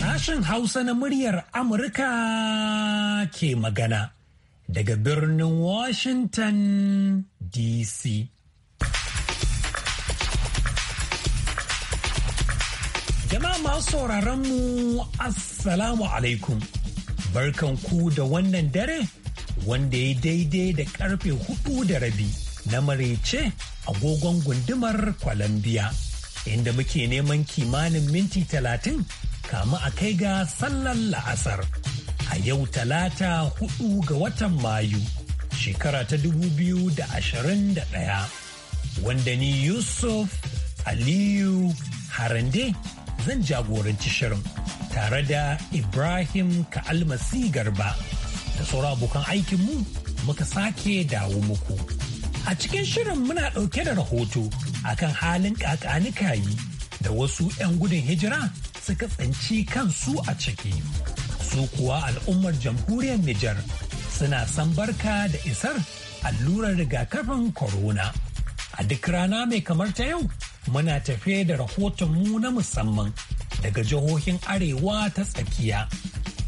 Sashen Hausa na muryar Amurka ke magana daga birnin Washington DC. Jama'a masu sauraron mu Assalamu alaikum. Barkan ku da wannan dare wanda ya daidai da karfe hudu da rabi na marece agogon gundumar kwalambiya. Inda muke neman kimanin minti talatin kama a kai ga sallar la'asar. A yau talata hudu ga watan Mayu, shekara ta dubu biyu da ashirin da daya. Wanda ni Yusuf Aliyu Harande zan jagoranci shirin tare da Ibrahim ka Ka'almasi Garba. da sauran abokan aikinmu muka sake dawo muku. A cikin shirin muna ɗauke da rahoto akan halin kakanikayi da wasu 'yan gudun hijira suka tsanci kansu a ciki. Su kuwa al'ummar jamhuriyar Nijar suna san barka da isar allurar rigakafin corona. A duk rana mai kamar ta yau muna tafe da rahotonmu na musamman daga jihohin arewa ta tsakiya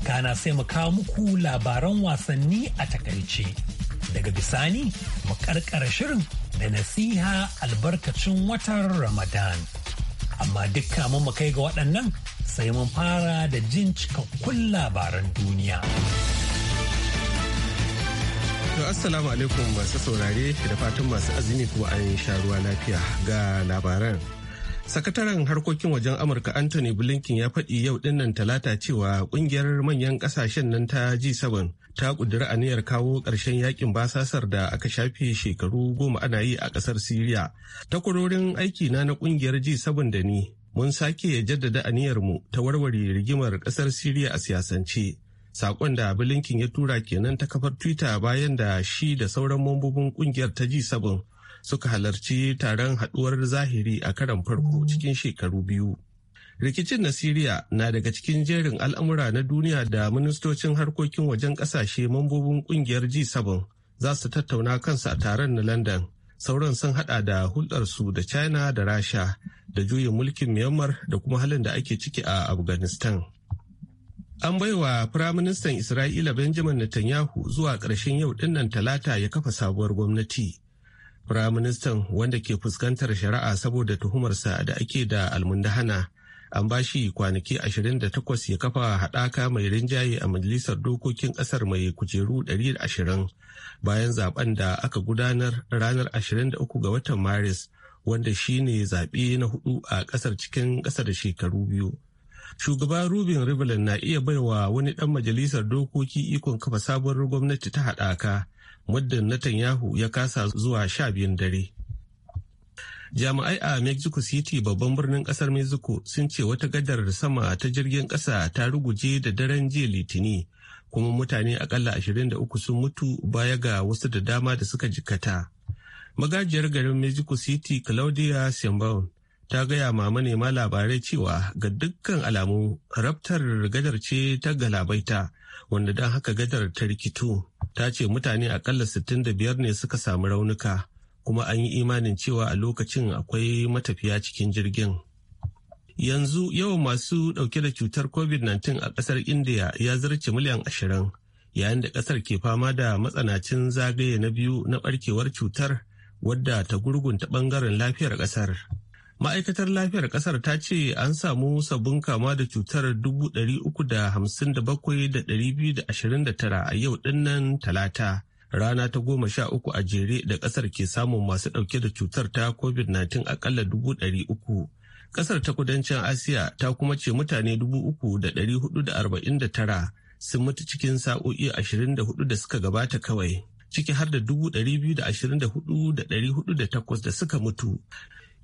kana sai mu kawo muku labaran wasanni a takaice. Daga bisani mu karkara shirin da nasiha albarkacin watan Ramadan. Amma dukka mu kai ga waɗannan sai mun fara da jin cikakkun labaran duniya. To assalamu alaikum masu saurare da fatan masu azumi kuma an sha ruwa lafiya ga labaran. sakataren harkokin wajen amurka anthony blinken ya faɗi yau dinnan talata cewa kungiyar manyan ƙasashen nan ta g7 ta ƙudiri aniyar kawo ƙarshen yakin basasar da aka shafe shekaru goma ana yi a ƙasar syria takwarorin aiki na na ƙungiyar g7 da ni mun sake jaddada aniyarmu ta warware rigimar ƙasar siriya a siyasance Saƙon da blinken ya tura kenan ta kafar twitter bayan da shi da sauran mambobin ƙungiyar ta g7 suka halarci taron haɗuwar zahiri a karan farko cikin shekaru biyu. Rikicin na Siriya na daga cikin jerin al'amura na duniya da ministocin harkokin wajen ƙasashe mambobin ƙungiyar G7 za su tattauna kansa a taron na London. Sauran sun hada da hulɗarsu da China da Rasha da juyin mulkin Myanmar da kuma halin da ake ciki a Afghanistan. An baiwa Firaministan Isra'ila Benjamin Netanyahu zuwa ƙarshen yau ɗinnan talata ya kafa sabuwar gwamnati. Firaministan wanda ke fuskantar shari'a saboda tuhumarsa da ake da almundahana an ba shi kwanaki 28 ya kafa haɗaka mai rinjaye a majalisar dokokin ƙasar mai kujeru 120 bayan zaben da aka gudanar ranar 23 ga watan maris wanda shi ne zaɓe na hudu a ƙasar cikin ƙasar da shekaru biyu shugaba rubin rivlin na iya baiwa wani ɗan majalisar dokoki ikon kafa sabuwar gwamnati ta haɗaka muddin Netanyahu ya kasa zuwa sha biyun dare. Jami'ai a Mexico City babban birnin kasar Mexico sun ce wata gadar sama ta jirgin kasa ta ruguje da daren jiya Litini kuma mutane akalla 23 sun mutu baya ga wasu da dama da suka jikata. Magajiyar garin Mexico City Claudia Sheinbaum ta gaya ma manema labarai cewa ga dukkan alamu rabtar gadar ce ta galabaita wanda don haka gadar ta rikitu ta ce mutane akalla 65 ne suka samu raunuka kuma an yi imanin cewa a lokacin akwai matafiya cikin jirgin. Yanzu yawan masu ɗauke da cutar COVID-19 a ƙasar India ya zarce miliyan ashirin yayin da ƙasar ke fama da matsanacin zagaye na biyu na ɓarkewar cutar wadda ta gurgunta bangaren lafiyar ƙasar. ma'aikatar lafiyar kasar ta ce an samu sabbin kama da cutar 357,229 a yau dinnan talata rana ta goma sha uku a jere da kasar ke samun masu dauke da cutar ta covid-19 akalla 300 kasar ta kudancin asiya ta kuma ce mutane 3,449 sun mutu cikin sa'o'i 24 da suka gabata kawai ciki har da 224,408 da suka mutu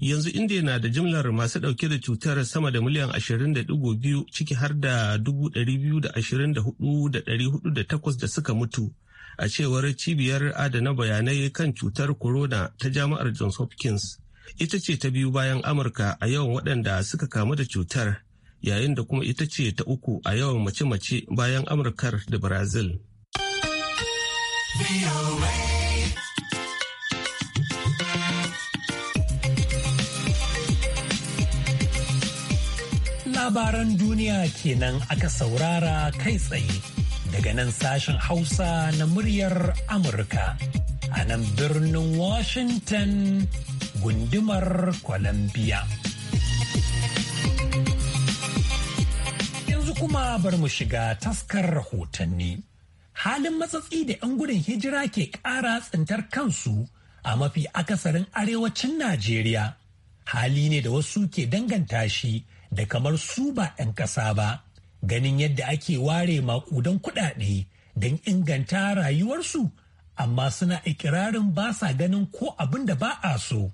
yanzu Indiya na da jimlar masu dauke da cutar sama da miliyan 20.2 ciki har da 224,408 da suka mutu a cewar cibiyar adana bayanai kan cutar corona ta jami'ar johns hopkins ita ce ta biyu bayan amurka a yawan waɗanda suka kamu da cutar yayin da kuma ita ce ta uku a yawan mace-mace bayan amurkar da brazil. Labaran duniya kenan aka saurara kai tsaye daga nan sashen Hausa na muryar Amurka a nan birnin Washington gundumar Columbia. Yanzu kuma bar mu shiga taskar rahotanni. Halin matsatsi da 'yan gudun hijira ke ƙara tsintar kansu a mafi akasarin arewacin Najeriya. hali ne da wasu ke danganta shi da kamar su ba 'yan ƙasa ba ganin yadda ake ware maƙudan kuɗaɗe don inganta rayuwarsu amma suna ikirarin ba sa ganin ko abin da ba a so.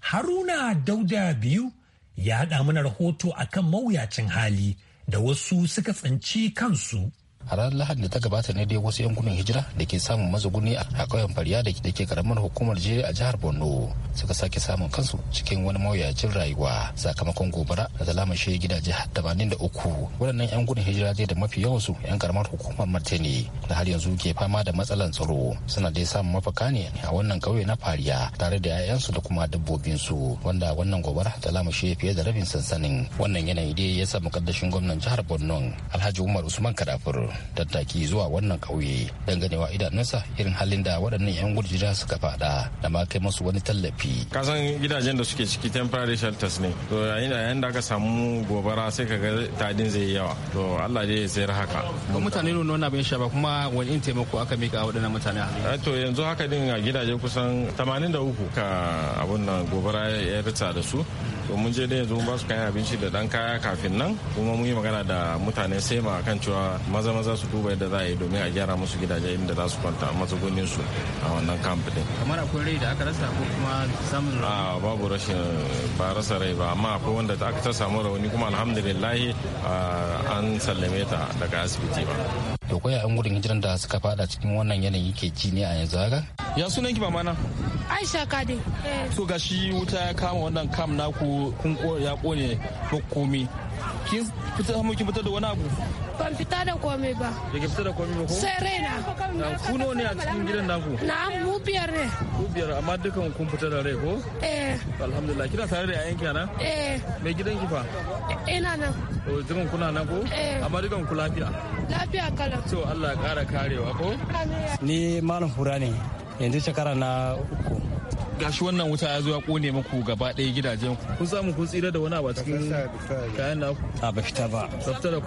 Haruna Dauda biyu ya haɗa mana rahoto akan mawuyacin hali da wasu suka tsinci kansu. a ranar lahadi da ta gabata ne dai wasu yan hijira da ke samun mazuguni a ƙauyen fariya da ke karamar hukumar jere a jihar borno suka sake samun kansu cikin wani mawuyacin rayuwa sakamakon gobara da ta lamashe gidaje har da uku waɗannan yan gudun hijira zai da mafi yawansu yan karamar hukumar martini da har yanzu ke fama da matsalan tsaro suna dai samun mafaka ne a wannan kauye na fariya tare da 'ya'yansu da kuma dabbobinsu wanda wannan gobara ta lamashe fiye da rabin sansanin wannan yanayi dai ya sa mukaddashin gwamnan jihar borno alhaji umar usman kadafur tattaki zuwa wannan kauye don ganewa idanunsa irin halin da waɗannan 'yan gurjira suka fada da ma kai masu wani tallafi. kasan gidajen da suke ciki temporary shelters ne to yayin da aka samu gobara sai ka ga tadin zai yi yawa to allah dai ya sayar haka. ko mutane nuna wannan abin ba kuma wani in taimako aka mika waɗannan mutane. Eh, to yanzu haka din a gidaje kusan 83 ka abun nan gobara ya rita da su to mun je dai yanzu mun ba su kayan abinci da dan kaya kafin nan kuma mun yi magana da mutane sai ma kan cewa maza kuma za su duba yadda za a yi domin a gyara musu gidaje inda za su kwanta a matsugunin su a wannan kamp din kamar akwai rai da aka rasa ko kuma samun a ah, babu rashin ba rasa rai ba amma akwai wanda aka ta samu rauni kuma alhamdulillah ah, an sallame ta daga asibiti ba to ko ya an gudun hijiran da suka fada cikin wannan yanayi ke ci ne a yanzu haka ya sunan ki mamana aisha kade so eh. gashi wuta ya kama wannan kam naku kun ya kone ba komi kin fitar da wani abu ban fita da komai ba da ke fita da komai ba ko sai raina ku nawa ne a cikin gidan naku na'am mu biyar ne ku biyar amma dukan kun fita da rai ko eh alhamdulillah kina tare da yayan kana eh mai gidan ki fa eh, ina nan to dukan kuna nan ko eh amma dukan ku lafiya lafiya kala to Allah ya kara karewa ko ni malam fura ne yanzu shekara na uku gashi wannan wuta ya zo ya kone muku gaba ɗaya gidajen ku kun samu kun tsira da wani abu cikin kayan naku a ba fita ba ba fita da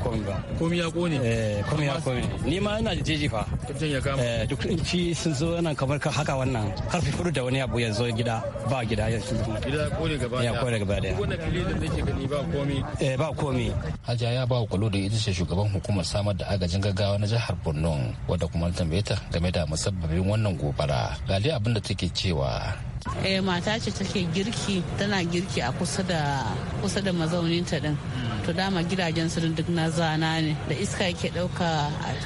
komai ba komi ya kone eh komi ya kone ni ma ina da jeji fa kafin ya kama eh duk in ci sun zo nan kamar ka haka wannan karfi furu da wani abu ya zo gida ba gida ya gida kone gaba ɗaya ya kone gaba ɗaya wannan fili da nake gani ba komi. eh ba komi. haja ya ba kwalo da ita ce shugaban hukumar samar da agajin gaggawa na jihar Borno wadda kuma tambaye game da musabbabin wannan gobara gali abin da take cewa Eh, mata ce take girki tana girki a kusa da kusa da mazauninta din to dama gidajen su duk na zana ne da iska yake dauka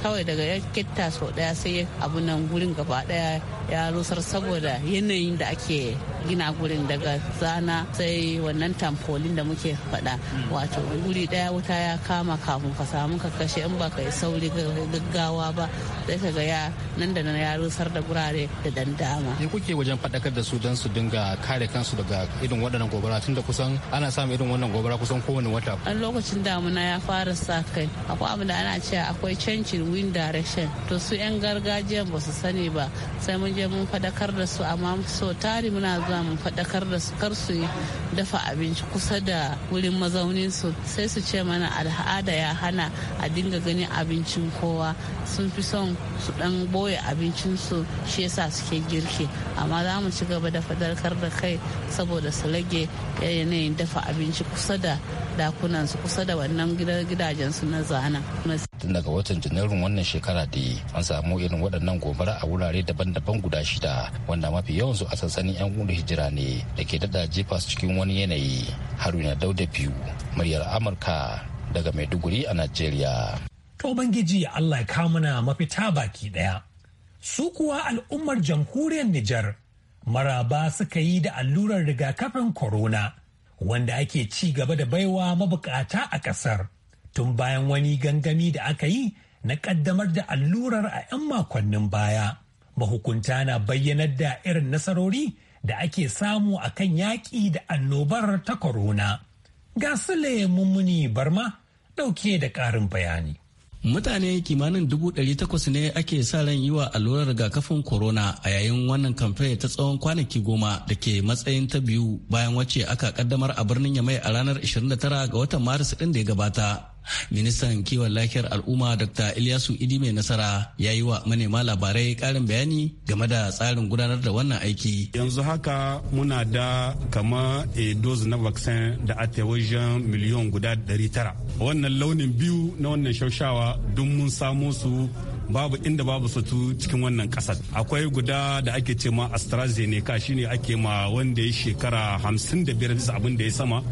kawai daga ya kitta sau daya sai abu nan gurin gaba daya ya rusar saboda yanayin da ake gina gurin daga zana sai wannan tamfolin da muke faɗa wato guri ɗaya wuta ya kama kafin ka samu ka kashe in ka yi sauri gaggawa ba sai ka ga ya nan da nan ya rusar da gurare da dandama. Me kuke wajen faɗakar da su don su dinga kare kansu daga irin waɗannan gobara tun da kusan ana samun irin wannan gobara kusan kowane wata. An lokacin damuna ya fara sa kai akwai abin da ana cewa akwai cancin wind direction to su 'yan gargajiyan ba su sani ba sai mun je mun faɗakar da su amma so tari muna zuwa sa mu faɗakar da su kar su dafa abinci kusa da wurin mazaunin su sai su ce mana al'ada ya hana a dinga ganin abincin kowa sun fi son su ɗan boye abincin su shi yasa suke girki amma za mu ci gaba da faɗakar da kai saboda su rage yanayin dafa abinci kusa da dakunan su kusa da wannan gidajen su na zana. Tun daga watan Janairun wannan shekara da an samu irin waɗannan gobara a wurare daban-daban guda shida wanda mafi yawan su a sansanin 'yan hijira ne da ke dada jefa su cikin wani yanayi haruna dauda biyu muryar amurka daga maiduguri a najeriya to ubangiji allah ya mana mafita baki daya su kuwa al'ummar jamhuriyar nijar maraba suka yi da allurar rigakafin corona wanda ake ci gaba da baiwa mabukata a kasar tun bayan wani gangami da aka yi na kaddamar da allurar a 'yan makonnin baya mahukunta na bayyanar da irin nasarori da ake samu a kan yaƙi da annobar ta corona. Ga Sule Mummuni Barma ɗauke da ƙarin bayani. Mutane kimanin dubu ɗari takwas ne ake sa ran yi wa allurar rigakafin korona, a yayin wannan kamfe ta tsawon kwanaki goma da ke matsayin ta biyu bayan wacce aka kaddamar a birnin Yamai a ranar 29 ga watan Maris ɗin da ya gabata. Ministan kiwon lafiyar al'umma Dr. Ilyasu Idi mai nasara ya yi wa manema labarai karin bayani game da tsarin gudanar da wannan aiki. Yanzu haka muna da kama a eh, dose na vaccine da ata wajen miliyon guda 900. Wannan launin biyu na wannan shaushawa duk mun samo su babu inda babu sutu cikin wannan kasar akwai guda da ake ce ma astrazeneca shine ake ma wanda ya shekara 55 bisa abin da ya sama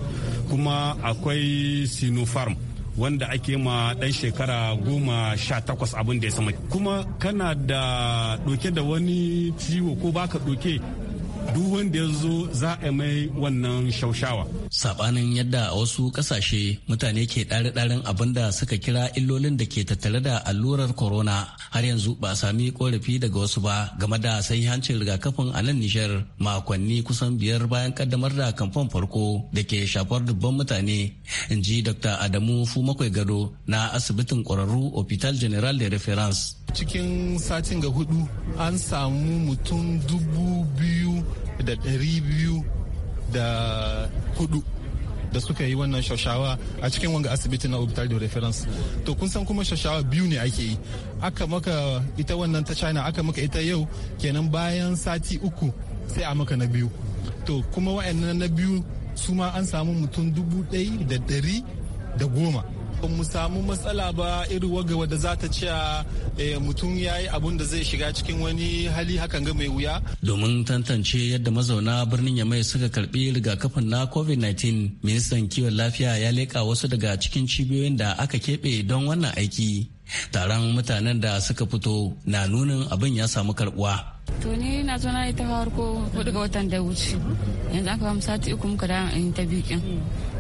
kuma akwai sinopharm wanda ake ma dan shekara goma sha takwas abin da ya sama kuma kana da doke da wani ciwo ko baka doke duk wanda ya zo za a mai wannan shaushawa. Sabanin yadda a wasu kasashe mutane ke ɗare-ɗaren abin da suka kira illolin da ke tattare da allurar corona har yanzu ba a sami korafi daga wasu ba game da sahihancin rigakafin a nan Nijar makonni kusan biyar bayan kaddamar da kamfan farko da ke shafar dubban mutane in ji Dr. Adamu Fumakwai Gado na asibitin ƙwararru Hopital General de Reference. Cikin satin ga hudu an samu mutum dubu biyu da ɗari biyu da hudu da suka yi wannan shashawa a cikin wanga asibiti na hospital de reference to kun san kuma shashawa biyu ne ake yi aka maka ita wannan ta china aka maka ita yau kenan bayan sati uku sai a maka na biyu to kuma wa'annan na biyu su ma an samu mutum dubu ɗaya da ɗari da goma ba mu samu matsala ba irin wagawa da za ta eh, mutum ya yi abun da zai shiga cikin wani hali hakan ga mai wuya. Domin tantance yadda mazauna birnin ya mai suka karbi rigakafin na COVID-19, ministan kiwon lafiya ya leƙa wasu daga cikin cibiyoyin da aka keɓe don wannan aiki. Taron mutanen da suka fito na nunin abin ya samu karbuwa. To ni na zona na yi ta farko hudu ga watan da wuce. Yanzu aka ba mu sati uku muka da in ta bikin.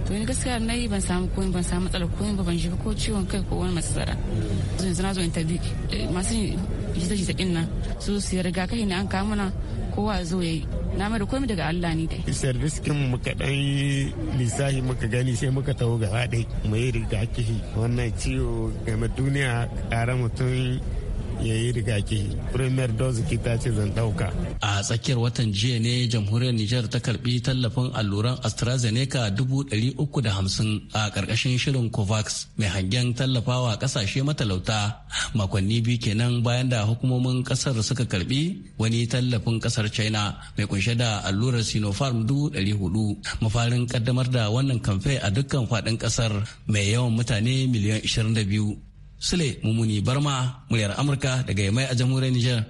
to ni gaskiya na yi ban samu koyin ban samu matsalar koyin ba ban shiga ko ciwon kai ko wani matsala yanzu na zo interview eh, masu jita-jita ɗin nan su su rigakafi ne an kawo mana kowa zo ya yi na mara komai daga Allah ni dai. riskin mu muka dan lissafi muka gani sai muka taho gaba dai mu yi rigakafi wannan ciwo game duniya kara mutum ya yi rigaki premier dose ki ta ce zan dauka a tsakiyar watan jiya ne jamhuriyar niger ta karbi tallafin alluran astrazeneca dubu ɗari uku da hamsin a ƙarƙashin shirin covax mai hangen tallafawa ƙasashe matalauta makonni biyu kenan bayan da hukumomin ƙasar suka karbi wani tallafin ƙasar china mai kunshe da allurar sinopharm dubu ɗari hudu mafarin ƙaddamar da wannan kamfe a dukkan faɗin ƙasar mai yawan mutane miliyan biyu. Sule Mumuni Barma muryar Amurka daga Yamai a jamhuriyar Nijar.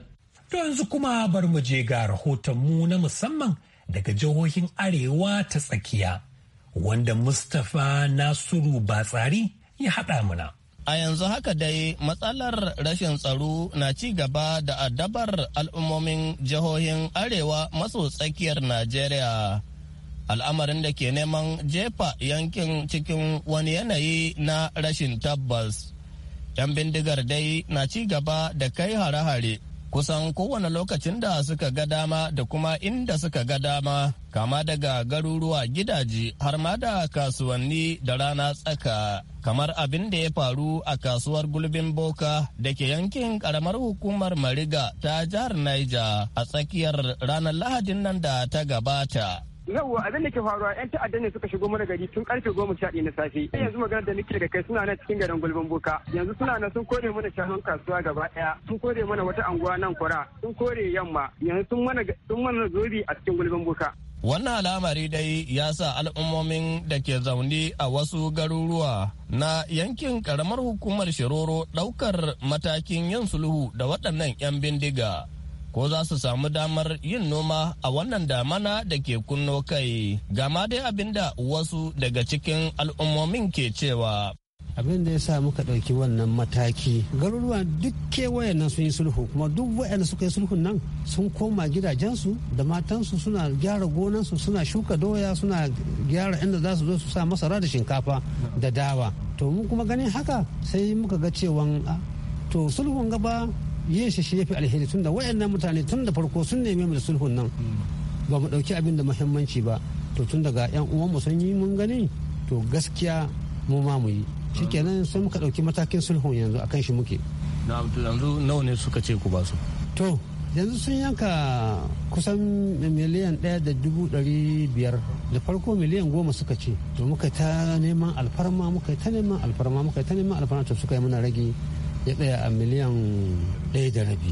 To yanzu kuma bar mu je ga rahotonmu na musamman daga jihohin Arewa ta tsakiya wanda Mustapha Nasiru Batsari ya haɗa muna. A yanzu haka dai matsalar rashin tsaro na ci gaba da addabar al'ummomin jihohin Arewa maso tsakiyar Najeriya. al'amarin da ke neman jefa yankin cikin wani yanayi na rashin tabbas 'yan bindigar dai na ci gaba da kai hare-hare kusan kowane lokacin da suka ga dama da kuma inda suka ga dama kama daga garuruwa gidaje har ma da kasuwanni da rana tsaka kamar abin da ya faru a kasuwar gulbin boka da ke yankin karamar hukumar mariga ta jihar niger a tsakiyar ranar lahadin nan da ta gabata yawwa abin da ke faruwa yan ta'adda ne suka shigo mana gari tun karfe goma sha na safe yanzu magana da nake da kai suna nan cikin garin gulbin boka yanzu suna nan sun kore mana shanun kasuwa gaba daya sun kore mana wata anguwa nan kwara sun kore yamma yanzu sun mana sun mana zobi a cikin gulbin boka Wannan al'amari dai ya sa al'ummomin da ke zaune a wasu garuruwa na yankin karamar hukumar Shiroro ɗaukar matakin yin sulhu da waɗannan 'yan bindiga ko za su samu damar yin noma a wannan damana da ke kunno kai gama dai abinda wasu daga cikin al'ummomin ke cewa abin da ya sa muka ɗauki wannan mataki garuruwa duk kewaye nan sun yi sulhu kuma duk wayanda suka yi sulhun nan sun koma gidajensu da matansu suna gyara gonansu suna shuka doya suna gyara inda za su zo su sa masara da shinkafa da dawa to mu kuma ganin haka sai muka ga cewa ah, to sulhun gaba yin shi shi ya fi alheri tunda waɗannan mutane tun da farko sun neme mu da sulhun nan hmm. ba mu ɗauki abin da muhimmanci ba to tun daga yan uwan mu sun yi mun gani to gaskiya mu ma mu yi shikenan sai muka ɗauki matakin sulhun yanzu akan shi muke na yanzu nawa ne suka ce ku ba su to yanzu sun yanka kusan miliyan ɗaya da dubu ɗari biyar da farko miliyan goma suka ce to muka ta neman alfarma muka ta neman alfarma muka ta neman alfarma to suka yi mana rage ya tsaya a miliyan ɗaya da rabi.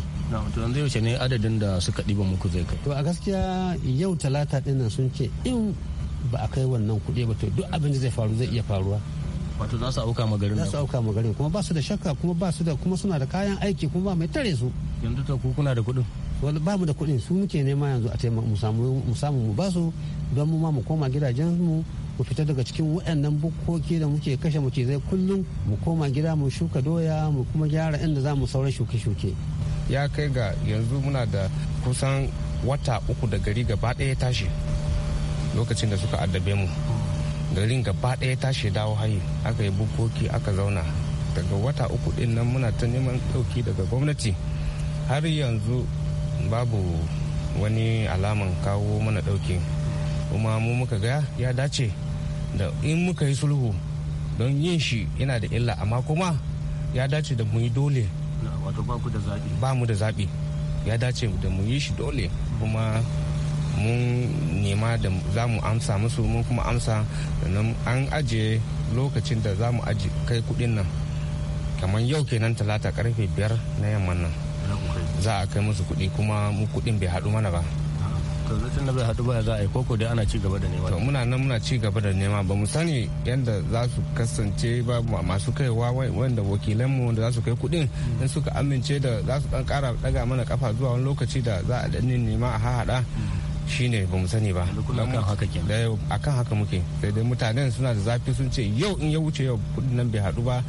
to yanzu yaushe ne adadin da suka ɗiba muku zai kai. to a gaskiya yau talata ɗin sun ce in ba a kai wannan kuɗi ba to duk abin da zai faru zai iya faruwa. wato za su auka magarin za su auka magarin kuma ba su da shakka kuma ba su da kuma suna da kayan aiki kuma ba mai tare su yanzu ta ku kuna da kuɗin wani ba mu da kuɗin su muke nema yanzu a taimaka mu samu mu ba su don mu ma mu koma gidajen mu mu fita daga cikin waɗannan bukkoki da muke kashe macizai kullum mu koma gida mu shuka doya mu kuma gyara inda za mu sauran shuke-shuke ya kai ga yanzu muna da kusan wata uku da gari gaba ɗaya tashi lokacin da suka addabe mu garin gaba ɗaya tashi dawo hayi aka yi bukkoki aka zauna daga wata uku ɗin nan muna ta neman ɗauki daga gwamnati har yanzu babu wani alaman kawo mana ɗauki kuma mu muka ga ya dace da in muka yi sulhu don yin shi yana da illa amma kuma ya dace da mu dole ba mu da zaɓi ya dace da mu yi shi dole kuma mun nema da za mu amsa musu mun kuma amsa sannan an ajiye lokacin da za mu aji kai kudin nan kamar yau kenan talata karfe biyar na yamman nan za a kai musu kudi kuma mu kudin bai haɗu mana ba to tun da bai haɗu ba za a yi koko dai ana ci gaba da nema to muna nan muna ci gaba da nema ba mu sani yadda za su kasance ba masu kaiwa wanda wakilan mu wanda za su kai kuɗin mm. in suka amince da za su dan ƙara daga mana kafa zuwa wani lokaci da za a dan nema a hahaɗa mm. shine ba mu sani ba akan haka muke sai dai mutanen suna da zafi sun ce yau in ya wuce yau kudin nan bai haɗu ba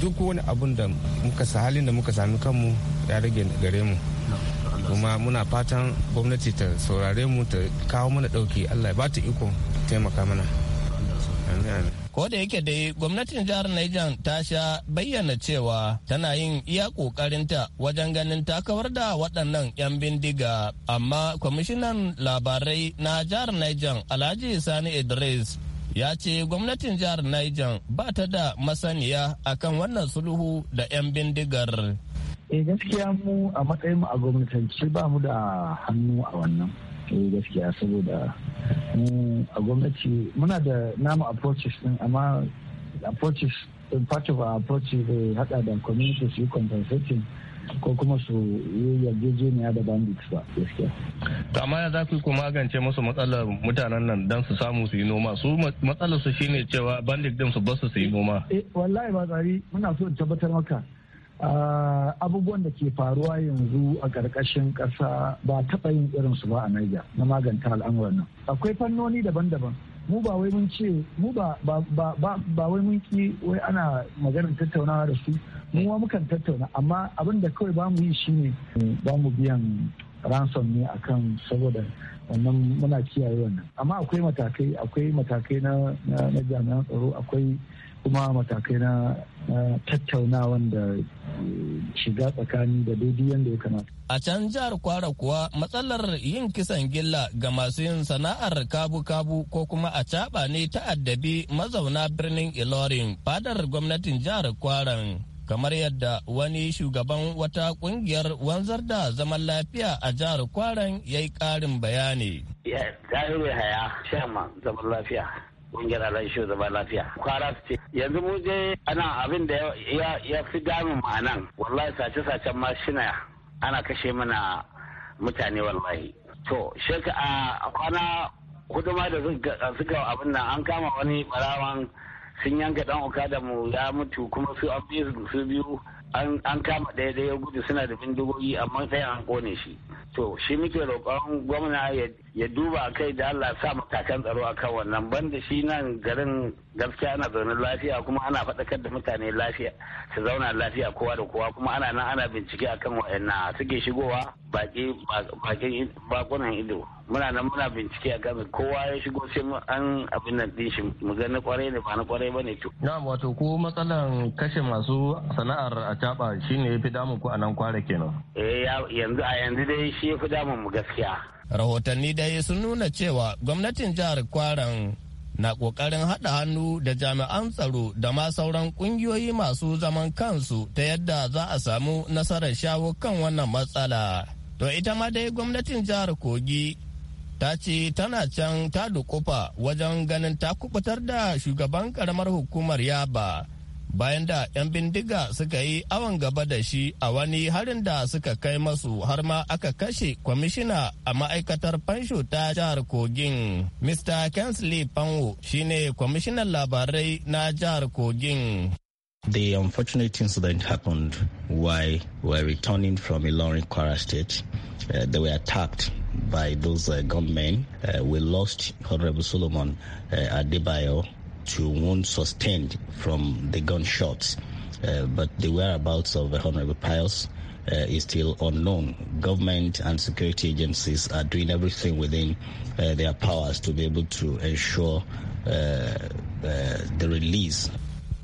duk wani abun da muka halin da muka sami kanmu ya rage gare mu kuma muna fatan gwamnati ta saurare mu ta kawo mana ɗauki allah ba ta iko taimaka mana ko da yake dai gwamnatin jihar Niger ta sha bayyana cewa tana yin iya kokarinta wajen ganin ta da waɗannan 'yan bindiga amma kwamishinan labarai na jihar Niger alhaji sani idris ya ce gwamnatin jihar Niger ba ta da masaniya akan wannan sulhu da 'yan bindigar eh gaskiya mu a matsayin mu a gwamnatance ba mu da hannu a wannan eh gaskiya saboda mu a gwamnati muna da namu approaches din amma approaches in part of our approaches bai hada da community su compensating ko kuma su yi yarjejeniya da bandits ba gaskiya. to amma ya za ku magance musu matsalar mutanen nan dan su samu su yi noma su matsalar su shine cewa bandit din su ba su yi noma. eh wallahi ba tsari muna so in tabbatar maka abubuwan da ke faruwa yanzu a ƙarƙashin ƙasa ba taɓa yin irinsu ba a naija na maganta al'amuran nan. Akwai fannoni daban-daban. mu ba wai mun ce mu ba wai mun ki wai ana maganar tattaunawa da su mu ma mukan tattauna amma abin da kawai ba mu yi shine ba mu biyan ransom ne akan saboda wannan muna kiyaye wannan amma akwai matakai akwai matakai na jami'an tsaro akwai kuma matakai na tattaunawan da eh, shiga tsakani da daidai yadda ya kamata. A can jihar Kwara kuwa matsalar yin kisan gilla ga masu yin sana'ar kabu-kabu ko kuma a caɓa ne ta'addabi mazauna birnin Ilorin fadar gwamnatin jihar Kwaran. Kamar yadda wani shugaban wata kungiyar wanzar da zaman lafiya a jihar Kwaran ya yi ƙarin bayani. Ya, haya, zaman lafiya. kungiyar alan shi zama lafiya kwara su ce yanzu mu je ana abin da ya fi damun ma'anan wallahi sace-sacen shina ana kashe mana mutane wallahi to shek a kwana hudu ma da suka abin nan an kama wani barawan sun yanka dan uka da mu ya mutu kuma su su biyu an kama daidai gudu suna da bindigogi amma sai an kone shi to shi muke roƙon gwamna ya duba a kai da Allah sa matakan tsaro a kan wannan banda shi nan garin gaskiya ana zaune lafiya kuma ana faɗakar da mutane lafiya su zauna lafiya kowa da kowa kuma ana nan ana bincike akan wa'annan suke shigowa bakin bakunan ido muna nan muna bincike a kan kowa ya shigo sai an abin nan din shi mu ga na kwarai ne ba na kwarai ba ne to na wato ko matsalan kashe masu sana'ar a caba shine yafi damun ku a nan kwara kenan eh yanzu a yanzu dai shi yafi damun mu gaskiya rahotanni dai sun nuna cewa gwamnatin jihar kwaran na ƙoƙarin haɗa hannu da jami'an tsaro da ma sauran ƙungiyoyi masu zaman kansu ta yadda za a samu nasarar shawo kan wannan matsala to ita ma dai gwamnatin jihar kogi ta ce tana can ta dukufa wajen ganin ta kubutar da shugaban karamar hukumar yaba bayan da 'yan bindiga suka yi awon gaba da shi a wani harin da suka kai masu har ma aka kashe kwamishina a ma'aikatar fansho ta jihar kogin mr kensley panwo shine kwamishinan labarai na jihar kogin The unfortunate incident happened while we're returning from Ilorin Kwara State. Uh, they were attacked by those uh, gunmen. Uh, we lost Honorable Solomon uh, Adebayo, to wounds sustained from the gunshots. Uh, but the whereabouts of Honorable Pius uh, is still unknown. Government and security agencies are doing everything within uh, their powers to be able to ensure uh, uh, the release.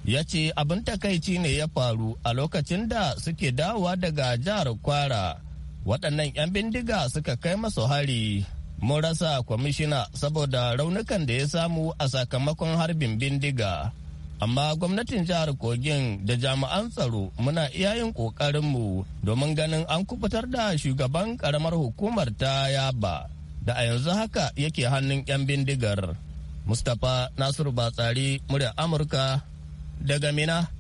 Ya ce abin takaici ne ya faru a lokacin da suke dawowa daga jihar Kwara waɗannan 'yan bindiga suka kai masu hari. mun rasa kwamishina saboda raunukan da ya samu a sakamakon harbin bindiga amma gwamnatin jihar kogin da jami'an tsaro muna iya yin ƙoƙarinmu domin ganin an kubutar da shugaban ƙaramar hukumar ta yaba da a yanzu haka yake hannun 'yan bindigar mustapha nasiru batsari murya amurka daga mina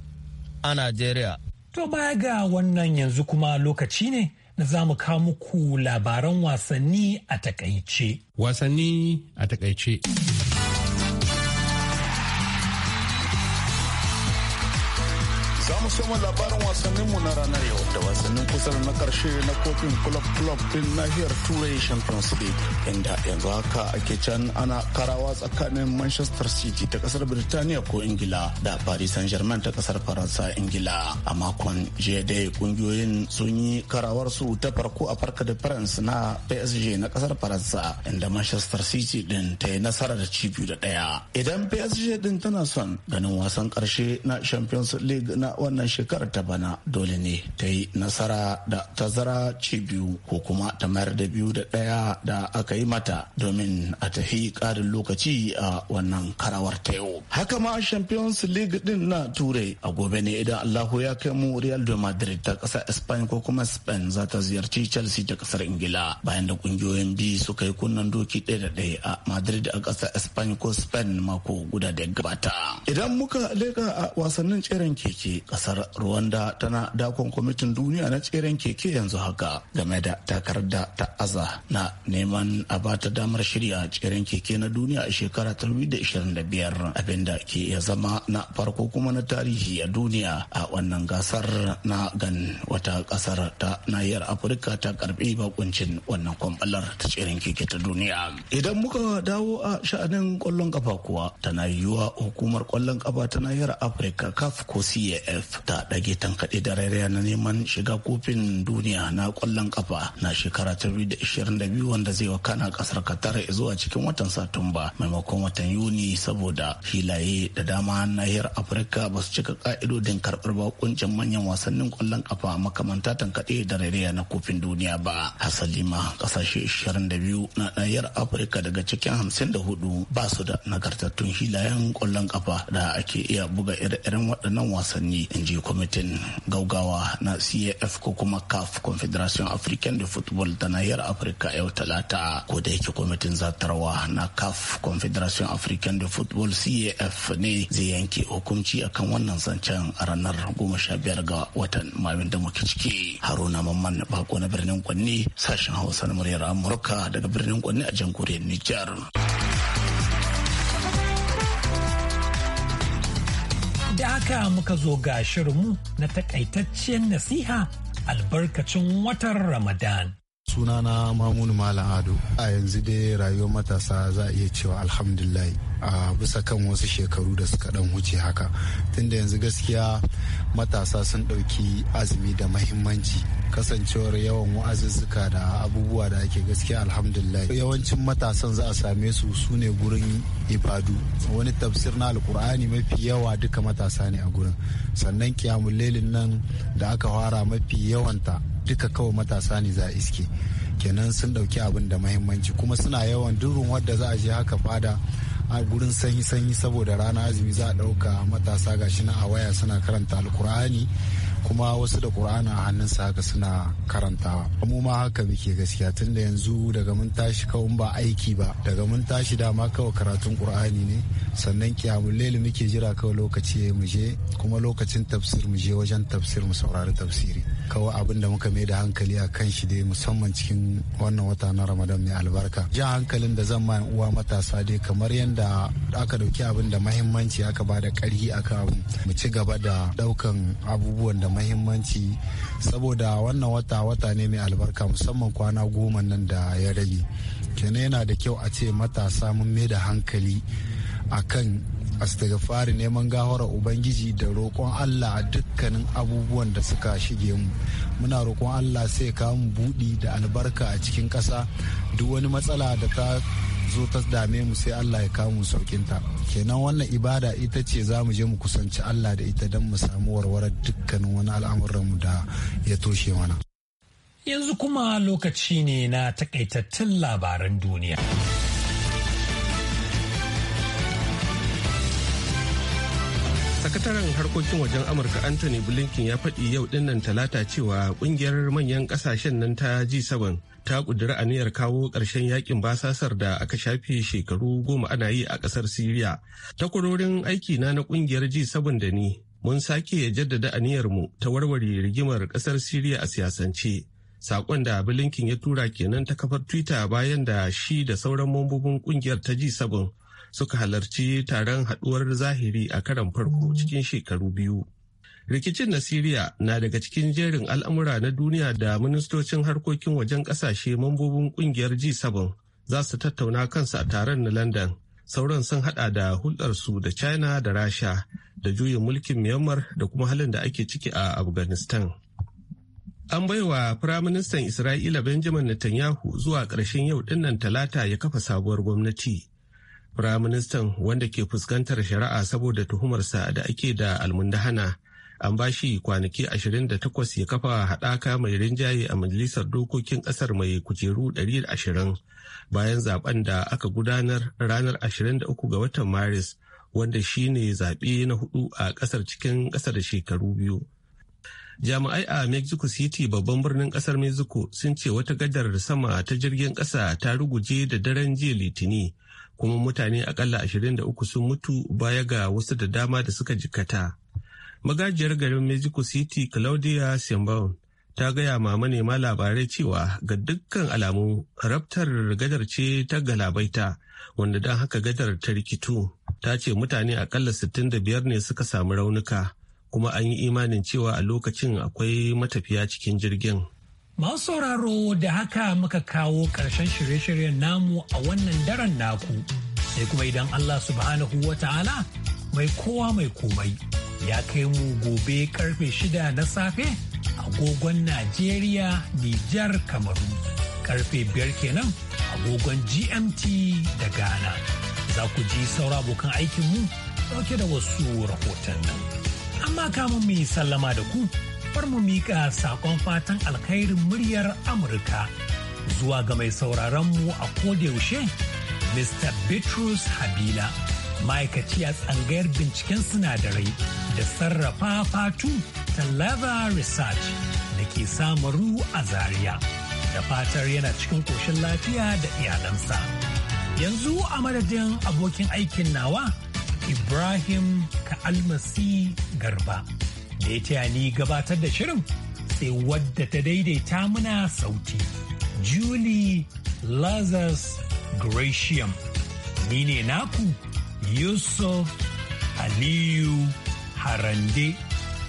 a najeriya to baya ga wannan yanzu kuma lokaci ne na za mu kawo muku labaran wasanni a takaice. Wasanni a takaice. musamman soma labarin wasanninmu na ranar yau da wasannin kusan na karshe na kofin club club din nahiyar turai champions league inda yanzu haka ake can ana karawa tsakanin manchester city ta kasar birtaniya ko ingila da paris saint germain ta kasar faransa ingila a makon jiya dai kungiyoyin sun yi karawar su ta farko a farka da france na psg na kasar faransa inda manchester city din ta yi nasara da cibiyu da daya idan psg din tana son ganin wasan karshe na champions league na wannan wannan shekarar ta bana dole ne ta yi nasara da tazara ci biyu ko kuma ta mayar da biyu da ɗaya da aka yi mata domin a tafi ƙarin lokaci a wannan karawar ta yau. Haka ma Champions League din na Turai a gobe ne idan Allahu ya kai mu Real de Madrid ta kasa Spain ko kuma Spain za ta ziyarci Chelsea ta ƙasar Ingila bayan da ƙungiyoyin biyu suka yi kunnen doki ɗaya da ɗaya a Madrid a ƙasar Spain ko Spain mako guda da gabata. Idan muka leka a wasannin tseren keke ƙasar kasar rwanda tana dakon kwamitin duniya na tseren keke yanzu haka game da takarda ta aza na neman a bata damar shirya tseren keke na duniya a shekara ta 2025 abinda ke ya zama na farko kuma na tarihi a duniya a wannan gasar na gan wata kasar ta nahiyar afirka ta karbi bakuncin wannan kwamfalar ta tseren keke ta duniya idan muka dawo a sha'anin kwallon kafa kuwa tana yiwuwa hukumar kwallon kafa ta nahiyar afirka kaf ko caf ta ɗage tankaɗe da rairaya na neman shiga kofin duniya na ƙwallon kafa na shekara ta biyu da da ishirin biyu wanda zai wakana ƙasar katar zuwa cikin watan Satumba maimakon watan Yuni saboda filaye da dama nahiyar Afirka ba su cika ƙa'idodin karɓar bakuncin manyan wasannin ƙwallon kafa makamanta tankaɗe da rairaya na kofin duniya ba. Hasali ma ƙasashe biyu na nahiyar Afirka daga cikin hamsin da hudu ba su da nagartattun filayen ƙwallon ƙafa. da ake iya buga ire-iren waɗannan wasanni in ji kwamitin gaugawa na caf ko kuma caf confederation african de football ta nahiyar afirka yau talata ko da yake kwamitin zatarwa na caf confederation african de football caf ne zai yanke hukunci akan wannan zancen ranar goma sha biyar ga watan Mamin da muke ciki haruna mamman bako na birnin kwanni sashen hausa na muryar amurka daga birnin kwanni a jamhuriyar nijar Da haka muka zo ga shirinmu na takaitaccen nasiha albarkacin watan Ramadan. Sunana Mamunu Malam Ado, a yanzu dai rayuwar matasa za a iya cewa alhamdulillah. a bisa kan wasu shekaru da suka dan wuce haka tunda yanzu gaskiya matasa sun ɗauki azumi da mahimmanci kasancewar yawan wa'azuzzuka da abubuwa da ake gaskiya alhamdulillah yawancin matasan za a same su su ne gurin ibadu wani tafsir na alkur'ani mafi yawa duka matasa ne a gurin sannan kiyamun lelin nan da aka fara mafi yawanta duka kawai matasa ne za a iske kenan sun ɗauki abin da mahimmanci kuma suna yawan durin wadda za a je haka fada a gurin sanyi sanyi saboda rana azumi za a ɗauka matasa gashi na a waya suna karanta alkur'ani kuma wasu da ƙur'ana a hannunsa haka suna karantawa mu ma haka muke gaskiya tun da yanzu daga mun tashi kawun ba aiki ba daga mun tashi dama kawai karatun ƙur'ani ne sannan kiyamun lele muke jira kawai lokaci mu je kuma lokacin tafsir mu je wajen tafsir mu saurari tafsiri kawai abin da muka mai da hankali a kan shi dai musamman cikin wannan wata na ramadan mai albarka jan hankalin da zan ma uwa matasa dai kamar yadda aka dauki abin da mahimmanci aka ba da ƙarfi aka mu ci gaba da daukan abubuwan da mahimmanci saboda wannan wata wata ne mai albarka musamman kwana goma nan da ya rage kenan yana da kyau a ce matasa mun mai da hankali akan astagfari neman gahara ubangiji da roƙon allah a dukkanin abubuwan da suka shige mu muna roƙon allah sai kamu buɗi da albarka a cikin ƙasa duk wani matsala da ta zo ta dame mu sai Allah ya kawo kamu ta kenan wannan ibada ita ce za mu je mu kusanci Allah da ita don mu samu warware dukkanin wani mu da ya toshe mana yanzu kuma lokaci ne na takaitattun labaran duniya sakataren harkokin wajen amurka anthony blinken ya faɗi yau dinnan talata cewa kungiyar manyan kasashen nan ta g7 ta ƙudiri aniyar kawo ƙarshen yakin basasar da aka shafe shekaru goma ana yi a ƙasar Siriya. Takwarorin aiki na na ƙungiyar G7 da ni mun sake ya jaddada aniyarmu ta warware rigimar ƙasar Siriya a siyasance. Sakon da bilinkin ya tura kenan ta kafar Twitter bayan da shi da sauran mambobin ƙungiyar ta G7 suka halarci taron haɗuwar zahiri a karan farko cikin shekaru biyu. rikicin na siriya na daga cikin jerin al'amura na duniya da ministocin harkokin wajen kasashe mambobin kungiyar g7 za su tattauna kansa a taron na london sauran sun hada da hulɗarsu da china da rasha da juyin mulkin myanmar da kuma halin da ake ciki a afghanistan an baiwa firaministan isra'ila benjamin netanyahu zuwa ƙarshen yau dinnan talata ya kafa sabuwar gwamnati firaministan wanda ke fuskantar shari'a saboda tuhumarsa da ake da almundahana an ba shi kwanaki 28 ya kafa haɗaka mai rinjaye a majalisar dokokin ƙasar mai kujeru 120 bayan zaben da aka gudanar ranar 23 ga watan maris wanda shi ne zaɓe na hudu a ƙasar cikin ƙasar da shekaru biyu jami'ai a mexico city babban birnin ƙasar mexico sun ce wata gadar sama ta jirgin ƙasa ta ruguje da daren jiya litini kuma mutane akalla 23 sun mutu baya ga wasu da dama da suka jikata magajiyar garin mexico city claudia simbaun ta gaya ma manema labarai cewa ga dukkan alamu rabtar gadar ce ta galabaita wanda don haka gadar ta rikitu ta ce mutane akalla 65 ne suka samu raunuka kuma an yi imanin cewa a lokacin akwai matafiya cikin jirgin Masu sauraro da haka muka kawo ƙarshen shirye-shiryen namu a wannan daren naku, sai kuma idan Allah subhanahu wa ta'ala mai kowa mai komai. ya kai mu gobe karfe shida na safe agogon Najeriya, Nijar, Kamaru. Karfe biyar kenan agogon GMT da Ghana. Za ku ji saura abokan aikinmu dauke da wasu rahoton nan. Amma kamun mu sallama da ku, bar mu miƙa saƙon fatan alkhairin muryar Amurka zuwa ga mai sauraron mu a yaushe Mr. Bitrus Habila. ma'aikaci a tsangayar binciken sinadarai da sarrafa fatu ta lava research da ke samaru a Zariya da fatar yana cikin koshin lafiya da iyalansa yanzu a madadin abokin aikin nawa ibrahim ka'almasi garba da ya taya ni gabatar da shirin sai wadda ta daidaita muna sauti julie lazarus gratium ni ne naku Yusuf Aliyu Harande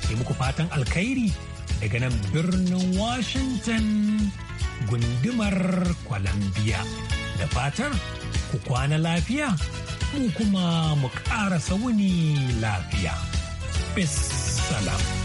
ke muku fatan alkhairi daga nan birnin Washington gundumar Columbia. Da fatan ku kwana lafiya, mu kuma mu ƙara sauni lafiya. Peace salam.